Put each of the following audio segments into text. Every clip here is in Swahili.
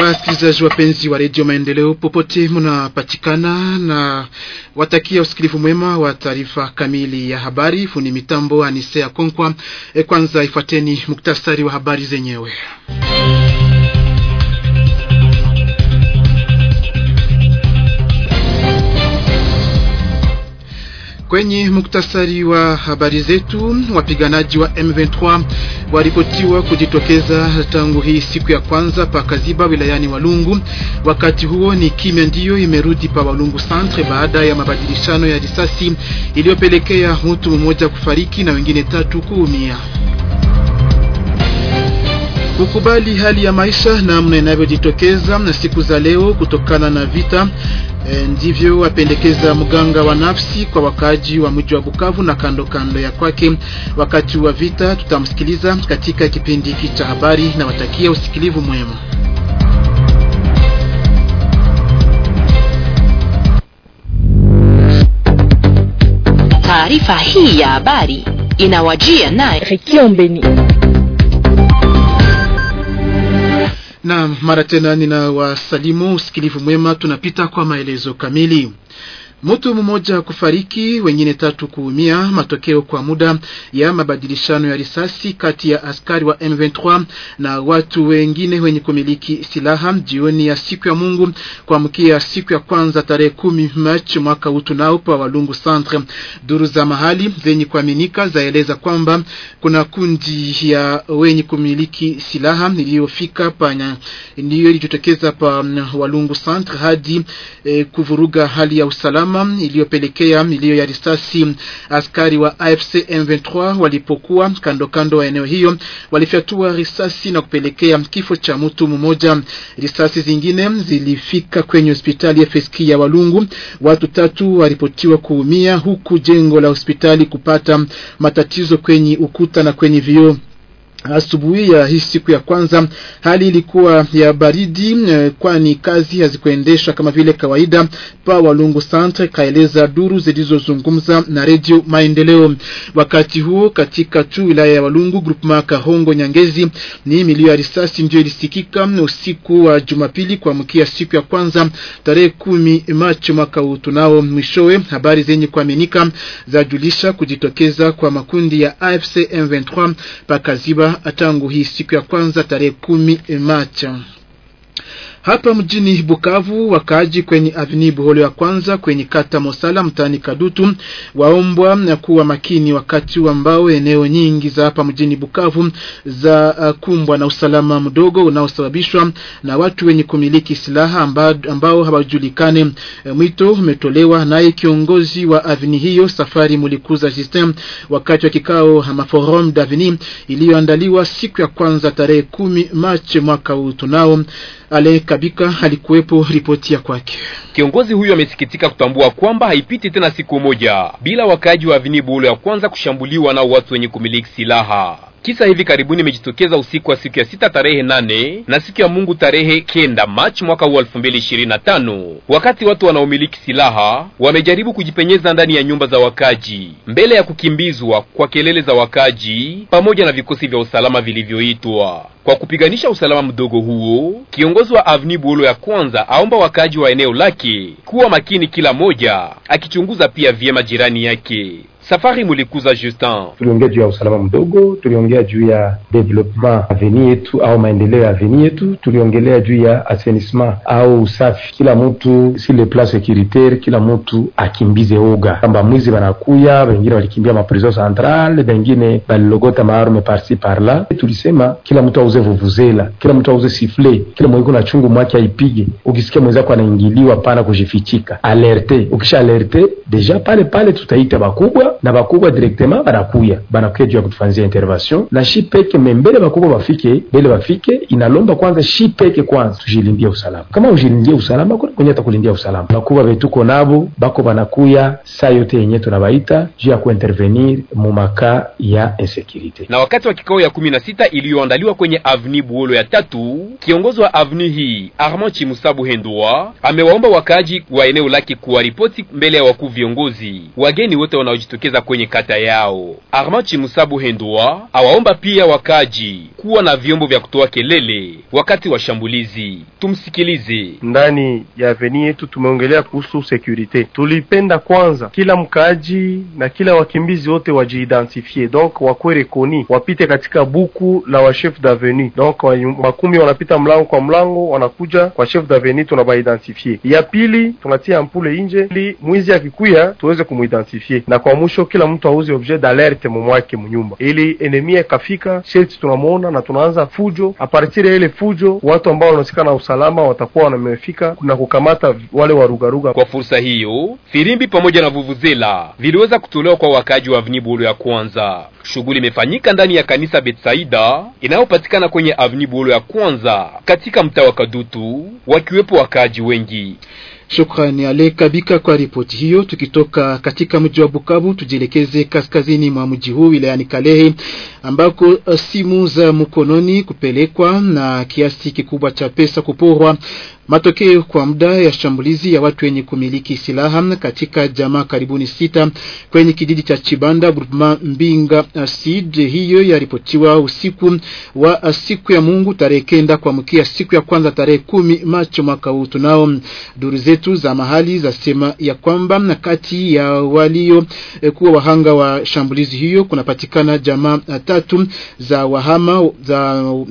Wasikilizaji wapenzi wa redio Maendeleo popote mnapatikana, na watakia usikilivu mwema wa taarifa kamili ya habari. Fundi mitambo Anisea Konkwa. E, kwanza ifuateni muktasari wa habari zenyewe. Kwenye muktasari wa habari zetu, wapiganaji wa M23 waripotiwa kujitokeza tangu hii siku ya kwanza pa Kaziba wilayani Walungu. Wakati huo ni kimya ndiyo imerudi pa Walungu Centre baada ya mabadilishano ya risasi iliyopelekea mtu mmoja kufariki na wengine tatu kuumia kukubali hali ya maisha namna inavyojitokeza na siku za leo kutokana na vita e, ndivyo apendekeza mganga wa nafsi kwa wakaaji wa mji wa Bukavu na kando kando ya kwake wakati wa vita. Tutamsikiliza katika kipindi hiki cha habari na watakia usikilivu mwema. Taarifa hii ya habari inawajia naye Rekiombeni. na mara tena nina wasalimu usikilivu mwema. Tunapita kwa maelezo kamili. Mtu mmoja kufariki, wengine tatu kuumia, matokeo kwa muda ya mabadilishano ya risasi kati ya askari wa M23 na watu wengine wenye kumiliki silaha jioni ya siku ya Mungu kuamkia siku ya kwanza tarehe kumi Machi mwaka huu pa Walungu Centre. Duru za mahali zenye kuaminika zaeleza kwamba kuna kundi ya wenye kumiliki silaha iliyofika panya ndiyo ilijitokeza pa Walungu Centre hadi eh, kuvuruga hali ya usalama usalama iliyopelekea milio ya risasi. Askari wa AFC M23 walipokuwa kando kando ya eneo hiyo, walifyatua risasi na kupelekea kifo cha mtu mmoja. Risasi zingine zilifika kwenye hospitali ya FSK ya Walungu. Watu tatu waripotiwa kuumia, huku jengo la hospitali kupata matatizo kwenye ukuta na kwenye vioo. Asubuhi ya hii siku ya kwanza hali ilikuwa ya baridi, eh, kwani kazi hazikuendeshwa kama vile kawaida pa Walungu Centre, kaeleza duru zilizozungumza na Radio Maendeleo. Wakati huo katika tu wilaya ya Walungu maka Kahongo Nyangezi, ni milio ya risasi ndio ilisikika usiku wa Jumapili kuamkia siku ya kwanza tarehe kumi Machi mwaka huu. Tunao mwishowe habari zenye kuaminika zajulisha kujitokeza kwa makundi ya AFC M23 pakaziba tangu hii siku ya kwanza tarehe kumi Machi. Hapa mjini Bukavu, wakaaji kwenye avni Buholo ya kwanza kwenye kata Mosala mtaani Kadutu waombwa na kuwa makini wakati ambao eneo nyingi za hapa mjini Bukavu za uh, kumbwa na usalama mdogo unaosababishwa na watu wenye kumiliki silaha ambao hawajulikane. Eh, mwito umetolewa naye kiongozi wa avni hiyo Safari Mulikuza System wakati wa kikao ama forum d'avni iliyoandaliwa siku ya kwanza tarehe kumi Machi mwaka huu tunao Kabika alikuwepo, ripoti ya kwake. Kiongozi huyo amesikitika kutambua kwamba haipiti tena siku moja bila wakaaji wa Vinibu ule ya kwanza kushambuliwa na watu wenye kumiliki silaha. Kisa hivi karibuni imejitokeza usiku wa siku ya sita tarehe nane na siku ya Mungu tarehe kenda Machi mwaka huu elfu mbili ishirini na tano wakati watu wanaomiliki silaha wamejaribu kujipenyeza ndani ya nyumba za wakaji mbele ya kukimbizwa kwa kelele za wakaji pamoja na vikosi vya usalama vilivyoitwa kwa kupiganisha usalama mdogo huo, kiongozi wa Avni Bulo ya kwanza aomba wakaji wa eneo lake kuwa makini, kila moja akichunguza pia vyema jirani yake. Safari Mulikuza Justin. Tuliongea juu ya usalama mdogo, tuliongea juu ya development aveni yetu au maendeleo ya aveni yetu, tuliongelea juu ya assainissement au usafi. Kila mtu si le place securitaire, kila mtu akimbize oga kamba mwizi wanakuya, wengine walikimbia maprison central, wengine balilogota maarme parsi parla. Tulisema kila mtu auze vuvuzela, kila mtu auze sifle, kila mwiko na chungu mwake aipige. Ukisikia mwenzako anaingiliwa, pana kujifichika, alerte. Ukisha alerte deja pale pale tutaita bakubwa na bakubwa directement banakuya banakuya juu ya kutufanzia intervention na shi peke membele bakubwa bafike mbele bafike, inalomba kwanza shi peke kwanza tujilindia usalama. Kama ujilindia usalama kuna kwenye atakulindia usalama. Bakubwa betuko nabo bako banakuya saa yote yenye tunabaita juu ya kuintervenir mumaka ya insecurity. Na wakati wa kikao ya kumi na sita iliyoandaliwa kwenye avni buolo ya tatu, kiongozi wa avni hii Armand Chimusabu Hendua amewaomba wakaaji wa eneo lake kuwaripoti mbele ya wakuu viongozi wageni wote wanaojitokeza kuwekeza kwenye kata yao. Armand Chimusabu Hendwa awaomba pia wakaji kuwa na vyombo vya kutoa kelele wakati wa shambulizi. Tumsikilize. Ndani ya aveni yetu tumeongelea kuhusu sekurite. Tulipenda kwanza kila mkaaji na kila wakimbizi wote wajiidentifie, donc wakwe rekoni, wapite katika buku la wa chef d'avenue, donc makumi wanapita mlango kwa mlango, wanakuja kwa chef d'avenue, tunabaidentifie. Ya pili tunatia ampule nje ili mwizi akikuya tuweze kumuidentifie na kwa mwisho kila mtu auze objet d'alerte mumwake mnyumba, ili enemia ikafika sherti tunamwona na tunaanza fujo. Apartiri ya ile fujo, watu ambao wanaosikana na usalama watakuwa wanamefika na kukamata wale warugaruga. Kwa fursa hiyo, firimbi pamoja na vuvuzela viliweza kutolewa kwa wakaaji wa Avnibolo ya kwanza. Shughuli imefanyika ndani ya kanisa Betsaida inayopatikana kwenye Avnibolo ya kwanza katika mtaa wa Kadutu, wakiwepo wakaaji wengi. Shukrani ale kabika kwa ripoti hiyo. Tukitoka katika mji wa Bukavu, tujielekeze kaskazini mwa mji huu wilayani Kalehe, ambako eh, simu za mkononi kupelekwa na kiasi kikubwa cha pesa kuporwa Matokeo kwa muda ya shambulizi ya watu wenye kumiliki silaha katika jamaa karibuni sita kwenye kijiji cha Chibanda Grupma Mbinga Asid, hiyo yaripotiwa usiku wa siku ya Mungu tarehe kenda kwa siku ya kwanza tarehe kumi Machi mwaka huu. Tunao duru zetu za mahali zasema ya kwamba kati ya walio eh, kuwa wahanga wa shambulizi hiyo kunapatikana jamaa e, tatu za wahama za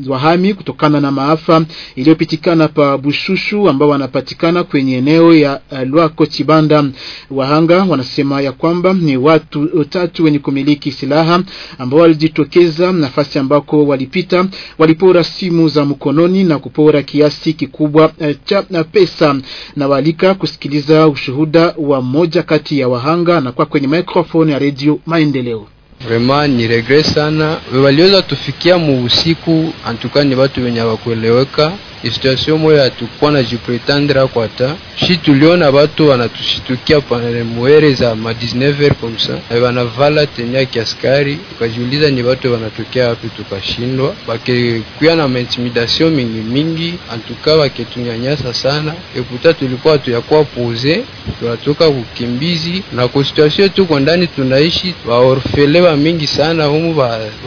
wahami kutokana na maafa iliyopitikana pa Bushushu Ruchuru ambao wanapatikana kwenye eneo ya eh, Lwako Chibanda. Wahanga wanasema ya kwamba ni watu tatu wenye kumiliki silaha ambao walijitokeza nafasi ambako walipita, walipora simu za mkononi na kupora kiasi kikubwa eh, cha eh, pesa. Na walika kusikiliza ushuhuda wa mmoja kati ya wahanga na kwa kwenye microphone ya Radio Maendeleo. Vraiment ni regret sana, waliweza tufikia muusiku usiku, antukani watu wenye hawakueleweka situation moyo hatukuwa na jipretandre ako ata shi tuliona batu wanatushitukia pamuere za ma 19h komsa na banavala tenia kiaskari, tukajiuliza ni batu wanatokea wapi? Tukashindwa bakekuya na maintimidation mingi mingi, antuka baketunyanyasa sana, ekuta tulikuwa tuyakuwa puze, tunatoka kukimbizi na kusituasio tuko ndani tunaishi, baorfele ba mingi sana humu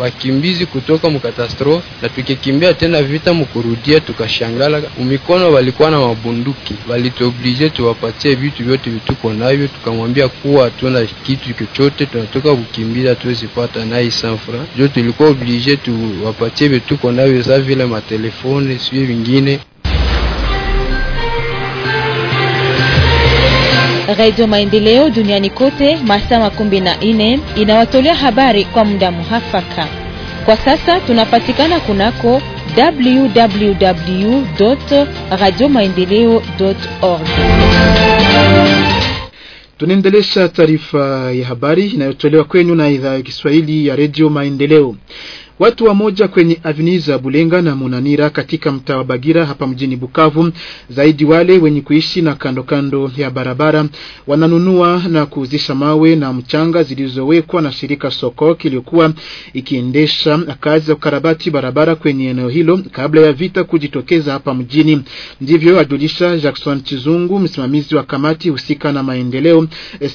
bakimbizi ba kutoka mukatastrofo, na tukikimbia tena vita mukurudia tukasha nilishangala umikono walikuwa na mabunduki, walituoblige tuwapatie vitu vyote vituko navyo, tukamwambia kuwa hatuna kitu chochote, tunatoka kukimbia tuwezi pata naye sanfra jo, tulikuwa oblige tuwapatie vituko navyo sa vile matelefone sio vingine. Radio Maendeleo duniani kote masaa makumi na ine inawatolea habari kwa muda muhafaka. Kwa sasa tunapatikana kunako www radio maendeleo org. Tunaendelesha taarifa ya habari inayotolewa kwenu na idhaa ya Kiswahili ya redio Maendeleo. Watu wa moja kwenye avenue za Bulenga na Munanira katika mtaa wa Bagira hapa mjini Bukavu, zaidi wale wenye kuishi na kando kando ya barabara wananunua na kuuzisha mawe na mchanga zilizowekwa na shirika Soko iliyokuwa ikiendesha kazi za ukarabati barabara kwenye eneo hilo kabla ya vita kujitokeza hapa mjini. Ndivyo ajulisha Jackson Chizungu, msimamizi wa kamati husika na maendeleo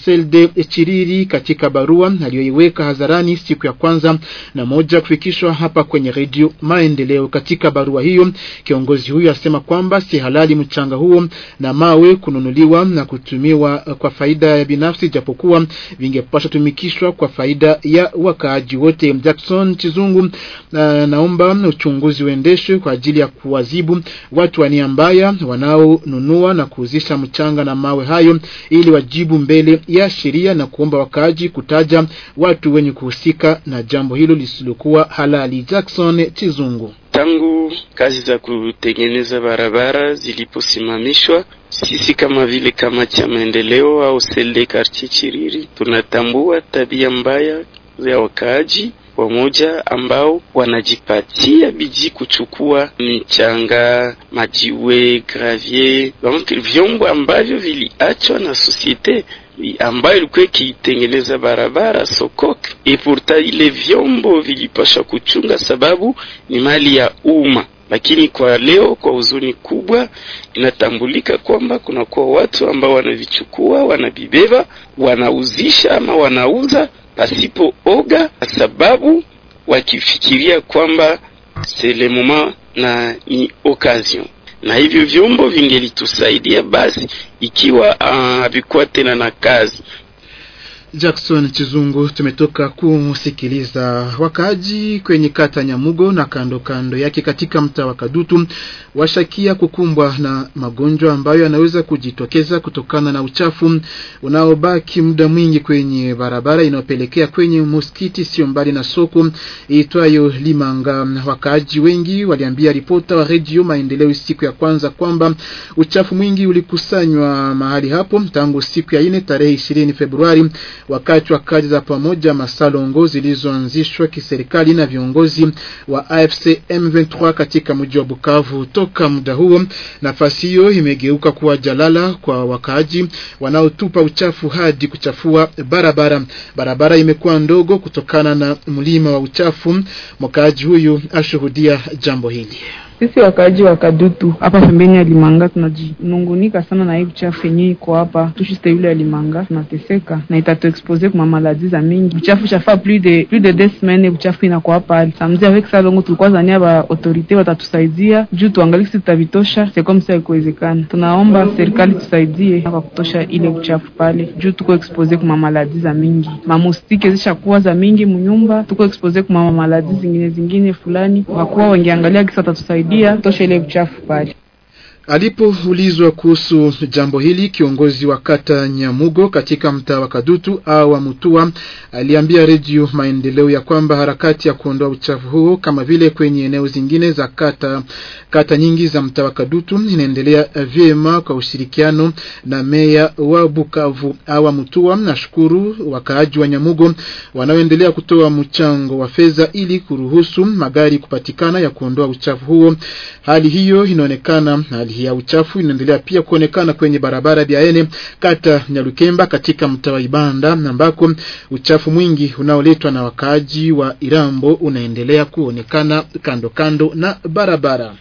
SLD Chiriri, katika barua aliyoiweka hadharani siku ya kwanza na moja kufikia kusikishwa hapa kwenye redio Maendeleo. Katika barua hiyo, kiongozi huyo asema kwamba si halali mchanga huo na mawe kununuliwa na kutumiwa kwa faida ya binafsi, japokuwa vingepasha tumikishwa kwa faida ya wakaaji wote. Jackson Chizungu na uh, naomba uchunguzi uendeshwe kwa ajili ya kuwazibu watu wa nia mbaya wanaonunua na kuuzisha mchanga na mawe hayo, ili wajibu mbele ya sheria na kuomba wakaaji kutaja watu wenye kuhusika na jambo hilo lisilokuwa Halali Jackson Chizungu. Tangu kazi za kutengeneza barabara ziliposimamishwa, sisi kama vile kama cha maendeleo au selde chiriri tunatambua tabia mbaya ya wakaaji wamoja ambao wanajipatia bidii kuchukua mchanga majiwe, gravier, donc vyombo ambavyo viliachwa na societe ambayo ilikuwa ikitengeneza barabara sokok epurta, ile vyombo vilipashwa kuchunga sababu ni mali ya umma. Lakini kwa leo, kwa huzuni kubwa, inatambulika kwamba kunakuwa watu ambao wanavichukua, wanabibeba, wanauzisha ama wanauza pasipo oga, sababu wakifikiria kwamba selemoma na ni occasion na hivyo vyombo vingelitusaidia basi, ikiwa ah, havikuwa tena na kazi Jackson Chizungu. Tumetoka kumsikiliza wakaaji kwenye kata Nyamugo na kando kando yake katika mtaa wa Kadutu washakia kukumbwa na magonjwa ambayo yanaweza kujitokeza kutokana na uchafu unaobaki muda mwingi kwenye barabara inayopelekea kwenye msikiti sio mbali na soko iitwayo Limanga. Wakaaji wengi waliambia ripota wa redio Maendeleo siku ya kwanza kwamba uchafu mwingi ulikusanywa mahali hapo tangu siku ya ine tarehe ishirini Februari wakati wa kazi za pamoja masalongo zilizoanzishwa kiserikali na viongozi wa AFC M23 katika mji wa Bukavu. Toka muda huo, nafasi hiyo imegeuka kuwa jalala kwa wakaaji wanaotupa uchafu hadi kuchafua barabara. Barabara imekuwa ndogo kutokana na mlima wa uchafu. Mkaaji huyu ashuhudia jambo hili. Sisi wakaaji wa Kadutu hapa pembeni ya Limanga tunajinungunika sana na hii uchafu yenye iko hapa tushiste yule ya Limanga, tunateseka na itatu expose kwa maladi za mingi. Uchafu chafa plus de plus de deux semaines uchafu inakuwa hapa samzi avec ça longo, tulikuwa zania ba autorite watatusaidia juu tuangalie sisi tutavitosha, c'est comme ça ikuwezekana. Tunaomba serikali tusaidie kwa kutosha ile uchafu pale juu tuko expose kwa maladi za mingi, mamustike zishakuwa za mingi munyumba, tuko expose kwa maladi zingine zingine fulani, wakuwa wengeangalia kisa watatusaidia dia, tosha ile uchafu pale. Alipoulizwa kuhusu jambo hili, kiongozi wa kata Nyamugo katika mtaa wa Kadutu awa Mutua aliambia Redio Maendeleo ya kwamba harakati ya kuondoa uchafu huo kama vile kwenye eneo zingine za kata, kata nyingi za mtaa wa Kadutu inaendelea vyema kwa ushirikiano na meya wa Bukavu. Awa Mutua nashukuru wakaaji wa Nyamugo wanaoendelea kutoa mchango wa fedha ili kuruhusu magari kupatikana ya kuondoa uchafu huo. Hali hiyo inaonekana hali ya uchafu inaendelea pia kuonekana kwenye barabara Biaene kata Nyalukemba katika mtaa wa Ibanda ambako uchafu mwingi unaoletwa na wakaaji wa Irambo unaendelea kuonekana kando kando na barabara.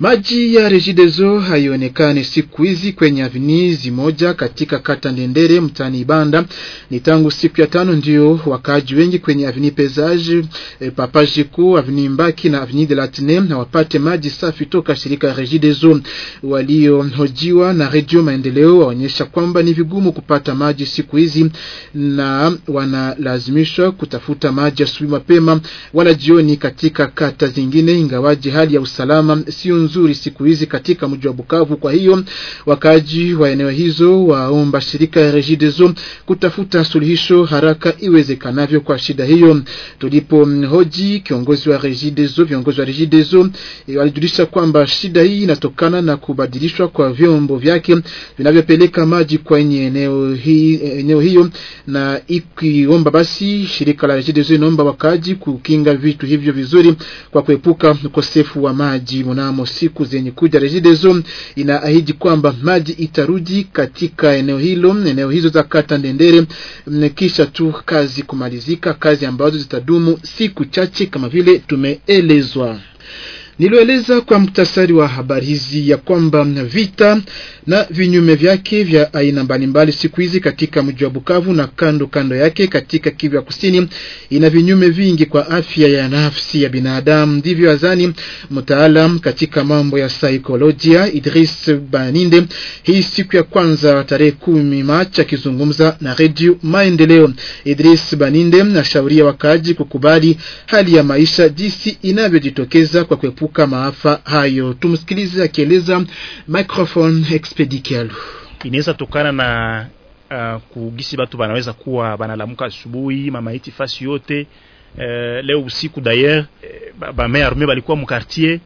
Maji ya Regideso haionekane siku hizi kwenye avinizi moja katika kata Ndendere mtani Ibanda. Ni tangu siku ya tano ndio wakaji wengi kwenye avini Pezaje, e, eh, Papajiku, avini Mbaki na avini de Latine na wapate maji safi toka shirika Regideso. Waliohojiwa na Radio Maendeleo waonyesha kwamba ni vigumu kupata maji siku hizi na wanalazimishwa kutafuta maji asubuhi mapema wala jioni katika kata zingine, ingawaji hali ya usalama sio nzuri siku hizi katika mji wa Bukavu. Kwa hiyo wakaji wa eneo hizo waomba shirika ya Regideso kutafuta suluhisho haraka iwezekanavyo kwa shida hiyo. Tulipo hoji kiongozi wa Regideso, viongozi wa Regideso e, walijulisha kwamba shida hii inatokana na kubadilishwa kwa vyombo vyake vinavyopeleka maji kwenye eneo hii e, eneo hiyo, na ikiomba basi shirika la Regideso inaomba wakaji kukinga vitu hivyo vizuri kwa kuepuka ukosefu wa maji mnamo siku zenye kuja. Regideso inaahidi kwamba maji itarudi katika eneo hilo, eneo hizo za kata Ndendere, mm, kisha tu kazi kumalizika, kazi ambazo zitadumu siku chache kama vile tumeelezwa. Nilieleza kwa mtasari wa habari hizi ya kwamba vita na vinyume vyake vya aina mbalimbali siku hizi katika mji wa Bukavu na kando kando yake katika Kivu Kusini ina vinyume vingi kwa afya ya nafsi ya binadamu. Ndivyo azani mtaalam katika mambo ya saikolojia Idris Baninde hii siku ya kwanza tarehe kumi Machi akizungumza na Radio Maendeleo. Idris Baninde anashauria wakaaji kukubali hali ya maisha jinsi inavyojitokeza kwa kwepu kuepuka maafa hayo. Tumsikilize akieleza microphone expedical inaweza tokana na uh, kugisi batu banaweza kuwa banalamuka asubuhi mamaiti fasi yote uh, leo usiku d'ailleurs uh, ba ba arme balikuwa mukartier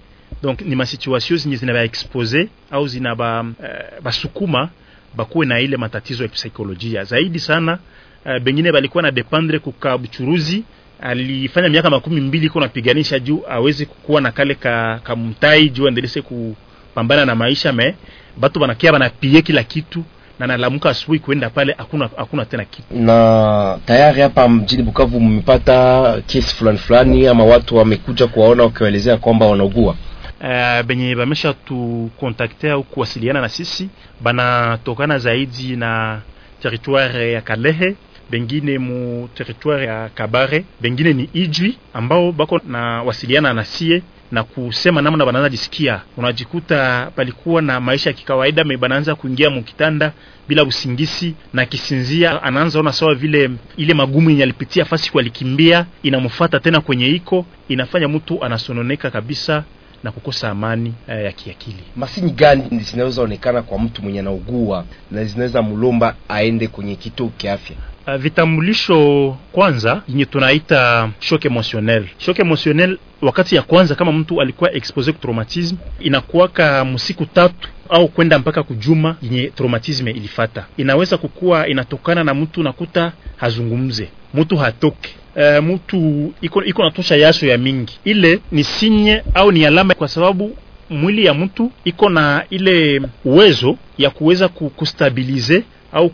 donc ni situation zinye zina ba expose au zina ba, uh, basukuma bakuwe na ile matatizo ya kisaikolojia zaidi sana. Uh, bengine balikuwa na dependre kukabuchuruzi alifanya miaka makumi mbili iko napiganisha juu awezi kukuwa na kale ka, kamtai juu aendelese kupambana na maisha me batu banakia banapie kila kitu na nalamuka asubuhi kuenda pale hakuna hakuna tena kitu. Na tayari hapa mjini Bukavu mmepata kesi fulani fulani, ama watu wamekuja kuwaona wakiwaelezea kwamba wanaugua Uh, benye bamesha tukontakte au kuwasiliana na sisi banatokana zaidi na territoire ya Kalehe bengine mu territoire ya Kabare, bengine ni Ijwi ambao bako na wasiliana na sie na kusema namna banaanza jisikia. Unajikuta palikuwa na maisha ya kikawaida, banaanza kuingia mukitanda bila usingizi na kisinzia anaanza ona sawa vile ile magumu yenye alipitia fasi kwa alikimbia inamfuata tena kwenye iko, inafanya mtu anasononeka kabisa na kukosa amani eh, ya kiakili. Masini gani zinaweza onekana kwa mtu mwenye anaugua na zinaweza mlomba aende kwenye kituo kiafya? Eh, vitambulisho kwanza yenye tunaita shock emotionnel. Shock emotionnel wakati ya kwanza kama mtu alikuwa expose ku traumatism inakuwaka msiku tatu au kwenda mpaka kujuma yenye traumatism ilifata. Inaweza kukuwa inatokana na mtu nakuta hazungumze, mtu hatoke Uh, mtu iko iko natosha yasho ya mingi, ile ni sinye au ni alama, kwa sababu mwili ya mtu iko na ile uwezo ya kuweza kustabilize au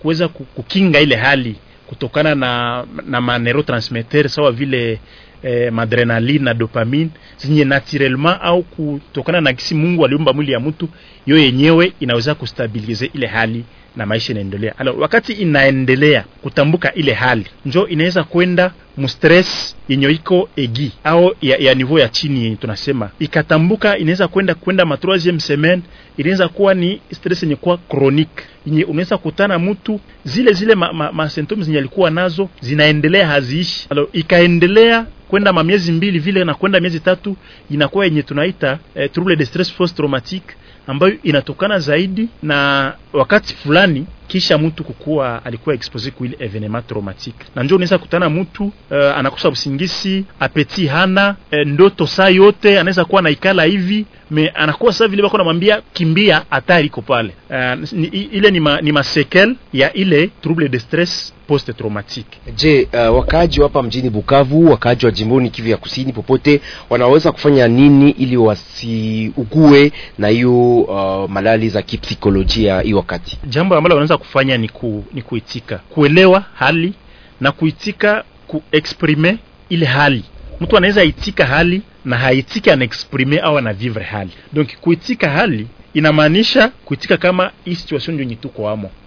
kuweza kukinga ile hali kutokana na, na maneurotransmitter sawa vile eh, madrenaline na dopamine zenye naturellement au kutokana na kisi Mungu aliumba mwili ya mtu, hiyo yenyewe inaweza kustabilize ile hali na maisha inaendelea. Alors wakati inaendelea kutambuka ile hali, njo inaweza kwenda mustress yenye iko egi au ya, ya niveau ya chini yenye tunasema ikatambuka, inaweza kwenda kwenda ma troisieme semaine, inaweza kuwa ni stress yenye kuwa chronique yenye unaweza kutana mtu zile zile ma, ma, ma symptoms zenye alikuwa nazo zinaendelea, haziishi alo ikaendelea kwenda ma miezi mbili vile na kwenda miezi tatu, inakuwa yenye tunaita eh, trouble de stress post traumatique ambayo inatokana zaidi na wakati fulani kisha mtu kukuwa alikuwa expose kuile evenement traumatique, na njoo unaweza kutana mtu uh, anakosa usingizi, apeti hana e, ndoto saa yote anaweza kuwa naikala hivi me anakuwa sasa vile bako namwambia kimbia, hatari iko pale. Uh, ile ni, ma, ni masekel ya ile trouble de stress post traumatique. Je, uh, wakaaji hapa mjini Bukavu, wakaaji wa jimboni Kivu ya Kusini, popote wanaweza kufanya nini ili wasiugue na hiyo uh, malali za kipsikolojia hii wakati? Jambo ambalo wanaweza kufanya ni, ku, ni kuitika, kuelewa hali na kuitika, kuexprime ile hali. Mtu anaweza itika hali na haitiki, anaexprime au anavivre hali. Donc kuitika hali inamaanisha kuitika kama hii situation ndio nyituko amo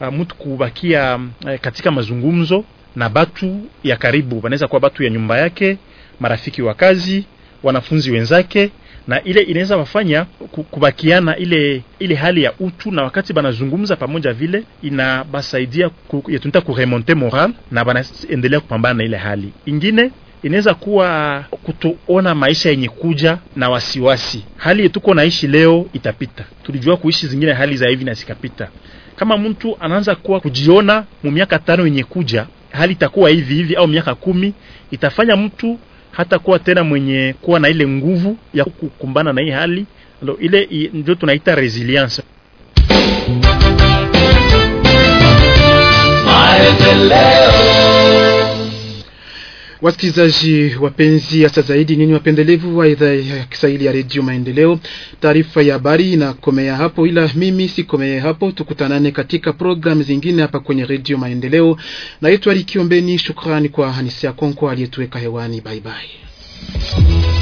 uh, mtu kubakia uh, katika mazungumzo na batu ya karibu, wanaweza kuwa batu ya nyumba yake, marafiki wa kazi, wanafunzi wenzake, na ile inaweza wafanya kubakiana ile ile hali ya utu, na wakati banazungumza pamoja vile inabasaidia tunita kuremonte moral na banaendelea kupambana na ile hali ingine inaweza kuwa kutoona maisha yenye kuja na wasiwasi. Hali yetuko naishi leo itapita, tulijua kuishi zingine hali za hivi na zikapita. Kama mtu anaanza kuwa kujiona mu miaka tano yenye kuja, hali itakuwa hivi hivi au miaka kumi, itafanya mtu hata kuwa tena mwenye kuwa na ile nguvu ya kukumbana na hii hali, ndio ile ndio tunaita resilience. Wasikilizaji wapenzi, hasa zaidi nyinyi wapendelevu wa idhaa ya Kiswahili ya redio Maendeleo, taarifa ya habari inakomea hapo, ila mimi sikomee hapo. Tukutanane katika programu zingine hapa kwenye redio Maendeleo. Naitwa Likiombeni, shukrani kwa Hanisia Konko aliyetuweka hewani. Baibai.